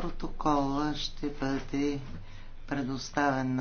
протокола ще бъде предоставен